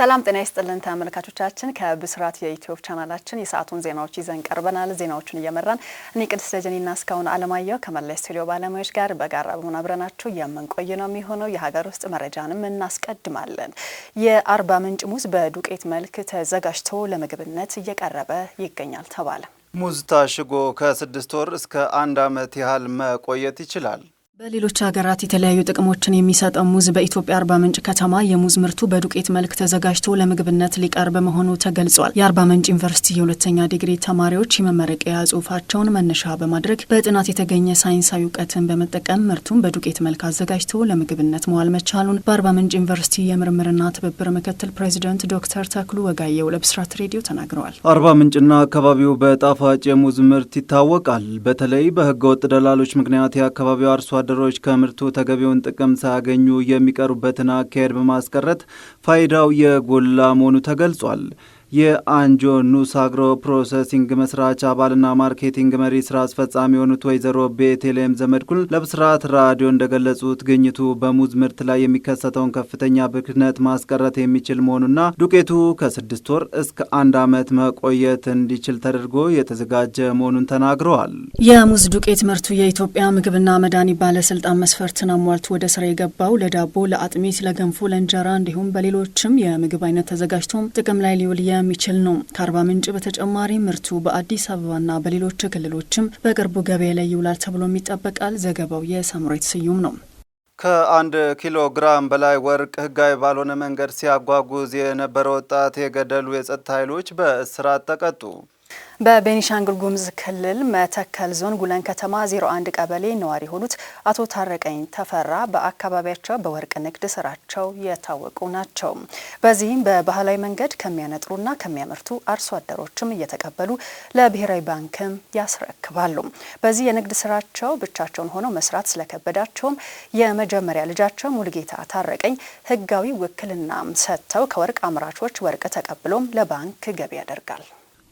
ሰላም ጤና ይስጥልን ተመልካቾቻችን፣ ከብስራት የዩቲዩብ ቻናላችን የሰዓቱን ዜናዎች ይዘን ቀርበናል። ዜናዎቹን እየመራን እኔ ቅድስት ደጀኔና እስካሁን አለማየሁ ከመላ ስቱዲዮ ባለሙያዎች ጋር በጋራ በመሆን አብረናችሁ የምንቆይ ነው የሚሆነው። የሀገር ውስጥ መረጃንም እናስቀድማለን። የአርባ ምንጭ ሙዝ በዱቄት መልክ ተዘጋጅቶ ለምግብነት እየቀረበ ይገኛል ተባለ። ሙዝ ታሽጎ ከስድስት ወር እስከ አንድ ዓመት ያህል መቆየት ይችላል። በሌሎች ሀገራት የተለያዩ ጥቅሞችን የሚሰጠው ሙዝ በኢትዮጵያ አርባ ምንጭ ከተማ የሙዝ ምርቱ በዱቄት መልክ ተዘጋጅቶ ለምግብነት ሊቀርብ መሆኑ ተገልጿል። የአርባ ምንጭ ዩኒቨርሲቲ የሁለተኛ ዲግሪ ተማሪዎች የመመረቂያ ጽሑፋቸውን መነሻ በማድረግ በጥናት የተገኘ ሳይንሳዊ እውቀትን በመጠቀም ምርቱን በዱቄት መልክ አዘጋጅቶ ለምግብነት መዋል መቻሉን በአርባ ምንጭ ዩኒቨርሲቲ የምርምርና ትብብር ምክትል ፕሬዚደንት ዶክተር ተክሉ ወጋየው ለብስራት ሬዲዮ ተናግረዋል። አርባ ምንጭና አካባቢው በጣፋጭ የሙዝ ምርት ይታወቃል። በተለይ በህገወጥ ደላሎች ምክንያት የአካባቢው አርሶ አርሶአደሮች ከምርቱ ተገቢውን ጥቅም ሳያገኙ የሚቀሩበትን አካሄድ በማስቀረት ፋይዳው የጎላ መሆኑ ተገልጿል። የአንጆ ኑስ አግሮ ፕሮሰሲንግ መስራች አባልና ማርኬቲንግ መሪ ስራ አስፈጻሚ የሆኑት ወይዘሮ ቤቴሌም ዘመድኩል ለብስራት ራዲዮ እንደገለጹት ግኝቱ በሙዝ ምርት ላይ የሚከሰተውን ከፍተኛ ብክነት ማስቀረት የሚችል መሆኑና ዱቄቱ ከስድስት ወር እስከ አንድ ዓመት መቆየት እንዲችል ተደርጎ የተዘጋጀ መሆኑን ተናግረዋል። የሙዝ ዱቄት ምርቱ የኢትዮጵያ ምግብና መድኃኒት ባለስልጣን መስፈርትን አሟልቶ ወደ ስራ የገባው ለዳቦ፣ ለአጥሚት፣ ለገንፎ፣ ለእንጀራ እንዲሁም በሌሎችም የምግብ አይነት ተዘጋጅቶም ጥቅም ላይ ሊውል የሚችል ነው። ከአርባ ምንጭ በተጨማሪ ምርቱ በአዲስ አበባና በሌሎች ክልሎችም በቅርቡ ገበያ ላይ ይውላል ተብሎም ይጠበቃል። ዘገባው የሳምሬት ስዩም ነው። ከአንድ ኪሎ ግራም በላይ ወርቅ ህጋዊ ባልሆነ መንገድ ሲያጓጉዝ የነበረ ወጣት የገደሉ የጸጥታ ኃይሎች በእስራት ተቀጡ። በቤኒሻንጉል ጉሙዝ ክልል መተከል ዞን ጉለን ከተማ 01 ቀበሌ ነዋሪ የሆኑት አቶ ታረቀኝ ተፈራ በአካባቢያቸው በወርቅ ንግድ ስራቸው የታወቁ ናቸው። በዚህም በባህላዊ መንገድ ከሚያነጥሩና ከሚያመርቱ አርሶ አደሮችም እየተቀበሉ ለብሔራዊ ባንክም ያስረክባሉ። በዚህ የንግድ ስራቸው ብቻቸውን ሆነው መስራት ስለከበዳቸውም የመጀመሪያ ልጃቸው ሙልጌታ ታረቀኝ ህጋዊ ውክልና ሰጥተው ከወርቅ አምራቾች ወርቅ ተቀብሎም ለባንክ ገቢ ያደርጋል።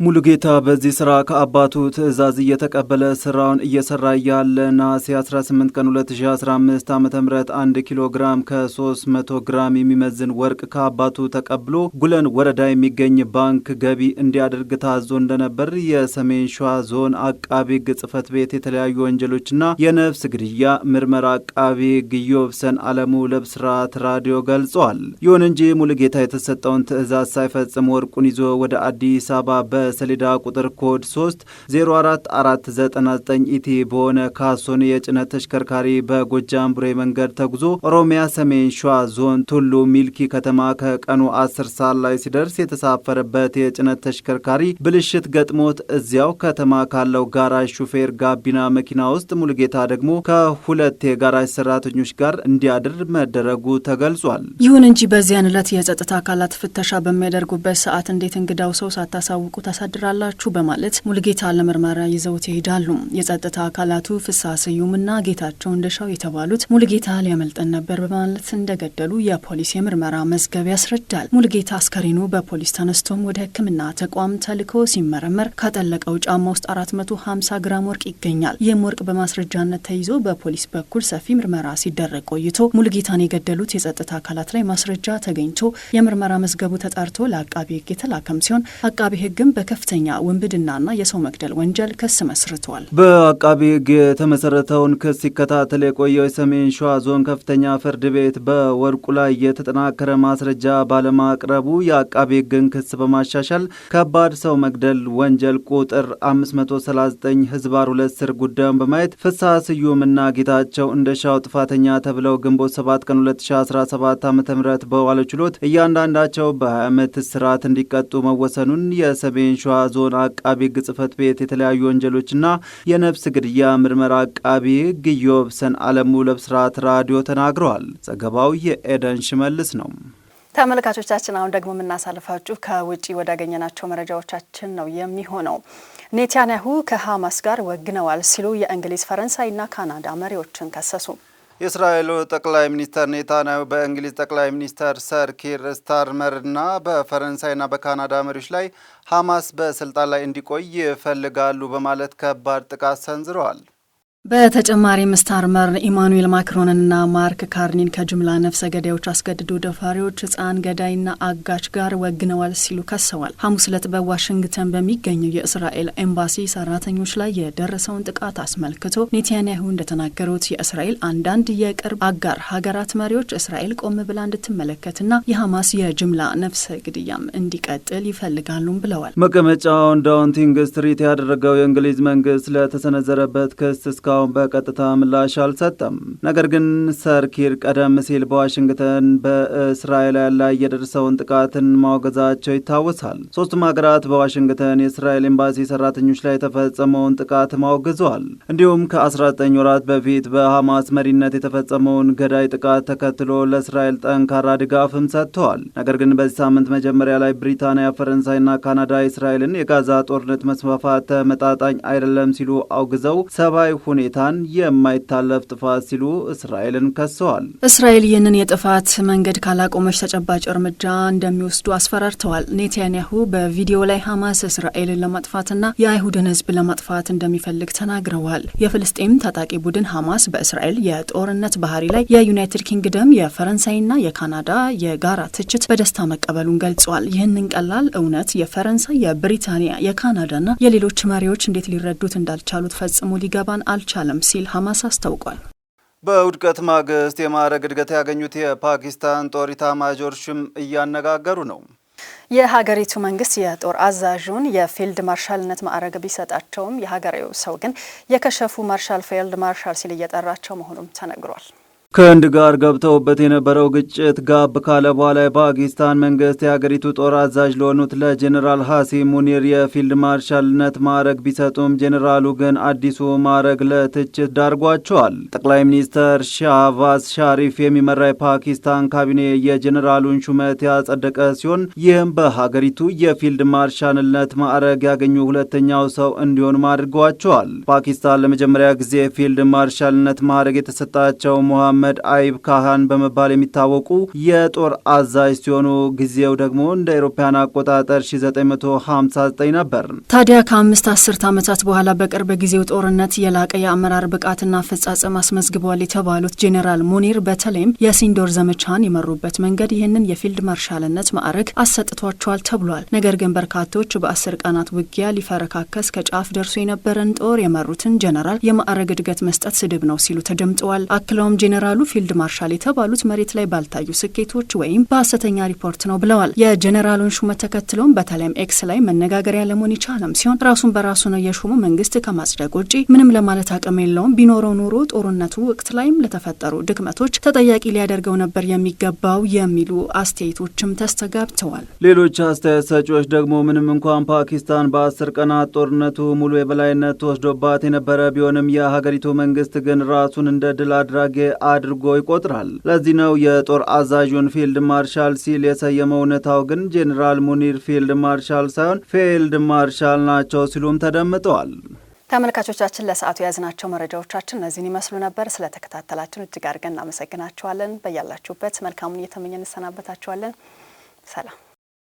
ሙሉጌታ በዚህ ስራ ከአባቱ ትዕዛዝ እየተቀበለ ስራውን እየሰራ ያለ ነሐሴ 18 ቀን 2015 ዓ ም 1 ኪሎ ግራም ከ300 ግራም የሚመዝን ወርቅ ከአባቱ ተቀብሎ ጉለን ወረዳ የሚገኝ ባንክ ገቢ እንዲያደርግ ታዞ እንደነበር የሰሜን ሸዋ ዞን አቃቢ ሕግ ጽሕፈት ቤት የተለያዩ ወንጀሎችና የነፍስ ግድያ ምርመራ አቃቢ ግዮብሰን አለሙ ለብስራት ራዲዮ ገልጿል። ይሁን እንጂ ሙሉጌታ የተሰጠውን ትዕዛዝ ሳይፈጽም ወርቁን ይዞ ወደ አዲስ አበባ በ በሰሌዳ ቁጥር ኮድ 3 04499 ኢቲ በሆነ ካሶን የጭነት ተሽከርካሪ በጎጃም ቡሬ መንገድ ተጉዞ ኦሮሚያ ሰሜን ሸዋ ዞን ቱሉ ሚልኪ ከተማ ከቀኑ 10 ሰዓት ላይ ሲደርስ የተሳፈረበት የጭነት ተሽከርካሪ ብልሽት ገጥሞት እዚያው ከተማ ካለው ጋራዥ ሹፌር ጋቢና መኪና ውስጥ ሙሉጌታ ደግሞ ከሁለት የጋራዥ ሰራተኞች ጋር እንዲያድር መደረጉ ተገልጿል። ይሁን እንጂ በዚያን ዕለት የጸጥታ አካላት ፍተሻ በሚያደርጉበት ሰዓት እንዴት እንግዳው ሰው ሳታሳውቁ ታሳድራላችሁ በማለት ሙልጌታ ለምርመራ ይዘውት ይሄዳሉ። የጸጥታ አካላቱ ፍስሐ ስዩምና ጌታቸው እንደሻው የተባሉት ሙልጌታ ሊያመልጠን ነበር በማለት እንደገደሉ የፖሊስ የምርመራ መዝገብ ያስረዳል። ሙልጌታ አስከሬኑ በፖሊስ ተነስቶም ወደ ሕክምና ተቋም ተልኮ ሲመረመር ከጠለቀው ጫማ ውስጥ 450 ግራም ወርቅ ይገኛል። ይህም ወርቅ በማስረጃነት ተይዞ በፖሊስ በኩል ሰፊ ምርመራ ሲደረግ ቆይቶ ሙልጌታን የገደሉት የጸጥታ አካላት ላይ ማስረጃ ተገኝቶ የምርመራ መዝገቡ ተጣርቶ ለአቃቢ ሕግ የተላከም ሲሆን አቃቢ ሕግም በ በከፍተኛ ውንብድናና የሰው መግደል ወንጀል ክስ መስርቷል። በአቃቢ ሕግ የተመሰረተውን ክስ ሲከታተል የቆየው የሰሜን ሸዋ ዞን ከፍተኛ ፍርድ ቤት በወርቁ ላይ የተጠናከረ ማስረጃ ባለማቅረቡ የአቃቢ ሕግን ክስ በማሻሻል ከባድ ሰው መግደል ወንጀል ቁጥር 539 ህዝባር ሁለት ስር ጉዳዩን በማየት ፍሳ ስዩምና ጌታቸው እንደሻው ጥፋተኛ ተብለው ግንቦት 7 ቀን 2017 ዓ ም ችሎት እያንዳንዳቸው በ20 ዓመት እስራት እንዲቀጡ መወሰኑን የሰሜን ሸዋ ዞን አቃቢ ህግ ጽህፈት ቤት የተለያዩ ወንጀሎችና የነፍስ ግድያ ምርመራ አቃቢ ሕግ ዮብሰን አለሙ ለብስራት ራዲዮ ተናግረዋል። ዘገባው የኤደን ሽመልስ ነው። ተመልካቾቻችን አሁን ደግሞ የምናሳልፋችሁ ከውጭ ወዳገኘናቸው መረጃዎቻችን ነው የሚሆነው። ኔታንያሁ ከሐማስ ጋር ወግነዋል ሲሉ የእንግሊዝ ፈረንሳይና ካናዳ መሪዎችን ከሰሱ። የእስራኤሉ ጠቅላይ ሚኒስተር ኔታንያሁ በእንግሊዝ ጠቅላይ ሚኒስተር ሰር ኪር ስታርመርና በፈረንሳይና በካናዳ መሪዎች ላይ ሐማስ በስልጣን ላይ እንዲቆይ ይፈልጋሉ በማለት ከባድ ጥቃት ሰንዝረዋል። በተጨማሪም ስታርመር ኢማኑኤል ማክሮንና ማርክ ካርኒን ከጅምላ ነፍሰ ገዳዮች፣ አስገድዶ ደፋሪዎች፣ ህፃን ገዳይና አጋች ጋር ወግነዋል ሲሉ ከሰዋል። ሐሙስ ዕለት በዋሽንግተን በሚገኘው የእስራኤል ኤምባሲ ሰራተኞች ላይ የደረሰውን ጥቃት አስመልክቶ ኔታንያሁ እንደተናገሩት የእስራኤል አንዳንድ የቅርብ አጋር ሀገራት መሪዎች እስራኤል ቆም ብላ እንድትመለከትና የሐማስ የጅምላ ነፍሰ ግድያም እንዲቀጥል ይፈልጋሉም ብለዋል። መቀመጫውን ዳውንቲንግ ስትሪት ያደረገው የእንግሊዝ መንግስት ለተሰነዘረበት ክስ እስካሁን በቀጥታ ምላሽ አልሰጠም። ነገር ግን ሰር ኪር ቀደም ሲል በዋሽንግተን በእስራኤላውያን ላይ የደረሰውን ጥቃትን ማውገዛቸው ይታወሳል። ሶስቱም ሀገራት በዋሽንግተን የእስራኤል ኤምባሲ ሰራተኞች ላይ የተፈጸመውን ጥቃት ማውግዘዋል። እንዲሁም ከ19 ወራት በፊት በሐማስ መሪነት የተፈጸመውን ገዳይ ጥቃት ተከትሎ ለእስራኤል ጠንካራ ድጋፍም ሰጥተዋል። ነገር ግን በዚህ ሳምንት መጀመሪያ ላይ ብሪታንያ፣ ፈረንሳይና ካናዳ እስራኤልን የጋዛ ጦርነት መስፋፋት ተመጣጣኝ አይደለም ሲሉ አውግዘው ሰብአዊ ሁኔታን የማይታለፍ ጥፋት ሲሉ እስራኤልን ከሰዋል። እስራኤል ይህንን የጥፋት መንገድ ካላቆመች ተጨባጭ እርምጃ እንደሚወስዱ አስፈራርተዋል። ኔታንያሁ በቪዲዮ ላይ ሐማስ እስራኤልን ለማጥፋትና የአይሁድን ሕዝብ ለማጥፋት እንደሚፈልግ ተናግረዋል። የፍልስጤም ታጣቂ ቡድን ሐማስ በእስራኤል የጦርነት ባህሪ ላይ የዩናይትድ ኪንግደም፣ የፈረንሳይና የካናዳ የጋራ ትችት በደስታ መቀበሉን ገልጿል። ይህንን ቀላል እውነት የፈረንሳይ፣ የብሪታንያ፣ የካናዳና የሌሎች መሪዎች እንዴት ሊረዱት እንዳልቻሉት ፈጽሞ ሊገባን አል አልቻለም ሲል ሐማስ አስታውቋል። በውድቀት ማግስት የማዕረግ እድገት ያገኙት የፓኪስታን ጦር ኢታማዦር ሹም እያነጋገሩ ነው። የሀገሪቱ መንግስት የጦር አዛዡን የፊልድ ማርሻልነት ማዕረግ ቢሰጣቸውም የሀገሬው ሰው ግን የከሸፉ ማርሻል ፊልድ ማርሻል ሲል እየጠራቸው መሆኑም ተነግሯል። ከህንድ ጋር ገብተውበት የነበረው ግጭት ጋብ ካለ በኋላ የፓኪስታን መንግስት የሀገሪቱ ጦር አዛዥ ለሆኑት ለጀኔራል ሀሲም ሙኒር የፊልድ ማርሻልነት ማዕረግ ቢሰጡም ጄኔራሉ ግን አዲሱ ማዕረግ ለትችት ዳርጓቸዋል። ጠቅላይ ሚኒስተር ሻህባዝ ሻሪፍ የሚመራ የፓኪስታን ካቢኔ የጀኔራሉን ሹመት ያጸደቀ ሲሆን ይህም በሀገሪቱ የፊልድ ማርሻልነት ማዕረግ ያገኙ ሁለተኛው ሰው እንዲሆኑ አድርገዋቸዋል። ፓኪስታን ለመጀመሪያ ጊዜ የፊልድ ማርሻልነት ማዕረግ የተሰጣቸው ሞሐመድ መሐመድ አይብ ካህን በመባል የሚታወቁ የጦር አዛዥ ሲሆኑ ጊዜው ደግሞ እንደ አውሮፓውያን አቆጣጠር 1959 ነበር። ታዲያ ከአምስት አስርት ዓመታት በኋላ በቅርብ ጊዜው ጦርነት የላቀ የአመራር ብቃትና አፈጻጸም አስመዝግበዋል የተባሉት ጄኔራል ሙኒር በተለይም የሲንዶር ዘመቻን የመሩበት መንገድ ይህንን የፊልድ ማርሻልነት ማዕረግ አሰጥቷቸዋል ተብሏል። ነገር ግን በርካቶች በአስር ቀናት ውጊያ ሊፈረካከስ ከጫፍ ደርሶ የነበረን ጦር የመሩትን ጄኔራል የማዕረግ እድገት መስጠት ስድብ ነው ሲሉ ተደምጠዋል። አክለውም ጄኔራል ጀነራሉ ፊልድ ማርሻል የተባሉት መሬት ላይ ባልታዩ ስኬቶች ወይም በሀሰተኛ ሪፖርት ነው ብለዋል። የጀነራሉን ሹመት ተከትሎም በተለይም ኤክስ ላይ መነጋገሪያ ለመሆን የቻለም ሲሆን ራሱን በራሱ ነው የሹሙ መንግስት ከማጽደቅ ውጪ ምንም ለማለት አቅም የለውም። ቢኖረው ኑሮ ጦርነቱ ወቅት ላይም ለተፈጠሩ ድክመቶች ተጠያቂ ሊያደርገው ነበር የሚገባው የሚሉ አስተያየቶችም ተስተጋብተዋል። ሌሎች አስተያየት ሰጪዎች ደግሞ ምንም እንኳን ፓኪስታን በአስር ቀናት ጦርነቱ ሙሉ የበላይነት ተወስዶባት የነበረ ቢሆንም የሀገሪቱ መንግስት ግን ራሱን እንደ ድል አድራጌ አ። አድርጎ ይቆጥራል። ለዚህ ነው የጦር አዛዡን ፊልድ ማርሻል ሲል የሰየመው። እውነታው ግን ጄኔራል ሙኒር ፊልድ ማርሻል ሳይሆን ፊልድ ማርሻል ናቸው ሲሉም ተደምጠዋል። ተመልካቾቻችን ለሰዓቱ የያዝናቸው መረጃዎቻችን እነዚህን ይመስሉ ነበር። ስለተከታተላችን እጅግ አድርገን እናመሰግናችኋለን። በያላችሁበት መልካሙን እየተመኘ እንሰናበታችኋለን። ሰላም